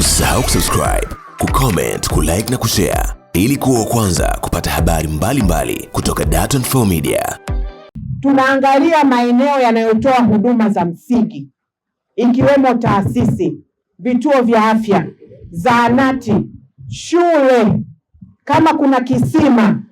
Usisahau kusubscribe, kucomment, kulike na kushare ili kuwa kwanza kupata habari mbalimbali mbali kutoka Dar24 Media. Tunaangalia maeneo yanayotoa huduma za msingi ikiwemo taasisi, vituo vya afya, zahanati, shule, kama kuna kisima,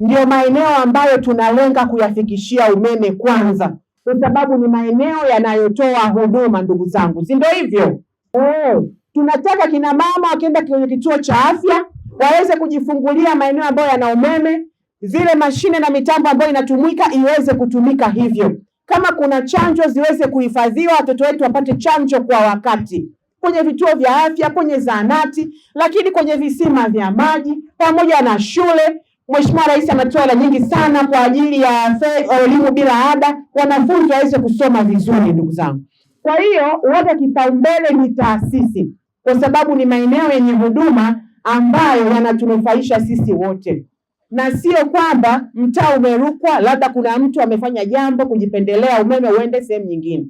ndiyo maeneo ambayo tunalenga kuyafikishia umeme kwanza, kwa sababu ni maeneo yanayotoa huduma, ndugu zangu, si ndio hivyo? Oh. Tunataka kina mama wakienda kwenye kituo cha afya waweze kujifungulia maeneo ambayo yana umeme, zile mashine na mitambo ambayo inatumika iweze kutumika hivyo. Kama kuna chanjo ziweze kuhifadhiwa, watoto wetu wapate chanjo kwa wakati kwenye vituo vya afya, kwenye zahanati, lakini kwenye visima vya maji pamoja na shule. Mheshimiwa Rais ametoa hela nyingi sana kwa ajili ya elimu bila ada, wanafunzi waweze kusoma vizuri, ndugu zangu. Kwa hiyo wote, kipaumbele ni taasisi kwa sababu ni maeneo yenye huduma ambayo yanatunufaisha sisi wote, na sio kwamba mtaa umerukwa, labda kuna mtu amefanya jambo kujipendelea umeme uende sehemu nyingine.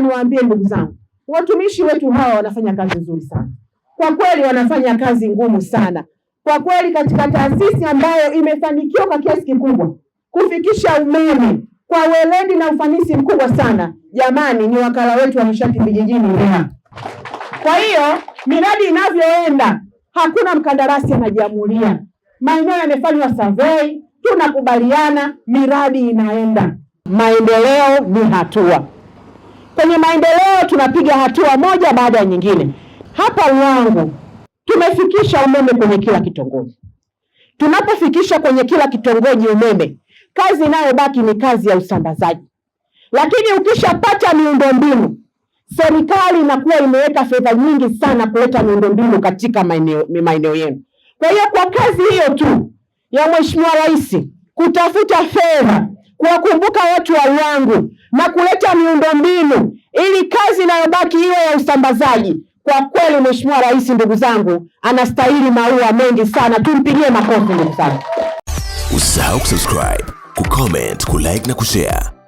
Niwaambie ndugu zangu, watumishi wetu hawa wanafanya kazi nzuri sana kwa kweli, wanafanya kazi ngumu sana kwa kweli, katika taasisi ambayo imefanikiwa kwa kiasi kikubwa kufikisha umeme kwa weledi na ufanisi mkubwa sana. Jamani, ni wakala wetu wa nishati vijijini REA. Kwa hiyo miradi inavyoenda, hakuna mkandarasi anajiamulia, maeneo yamefanywa survey, tunakubaliana, miradi inaenda. Maendeleo ni hatua. Kwenye maendeleo tunapiga hatua moja baada ya nyingine. Hapa Ruangwa tumefikisha umeme kwenye kila kitongoji. Tunapofikisha kwenye kila kitongoji umeme, kazi inayobaki ni kazi ya usambazaji, lakini ukishapata miundombinu serikali inakuwa imeweka fedha nyingi sana kuleta miundombinu katika maeneo yenu. Kwa hiyo kwa kazi hiyo tu ya Mheshimiwa Rais kutafuta fedha kuwakumbuka watu wa Ruangwa na kuleta miundombinu ili kazi inayobaki iwe ya usambazaji, kwa kweli Mheshimiwa Rais, ndugu zangu, anastahili maua mengi sana. Tumpigie makofi ndugu zangu. Usisahau kusubscribe, kucomment, kulike na kushare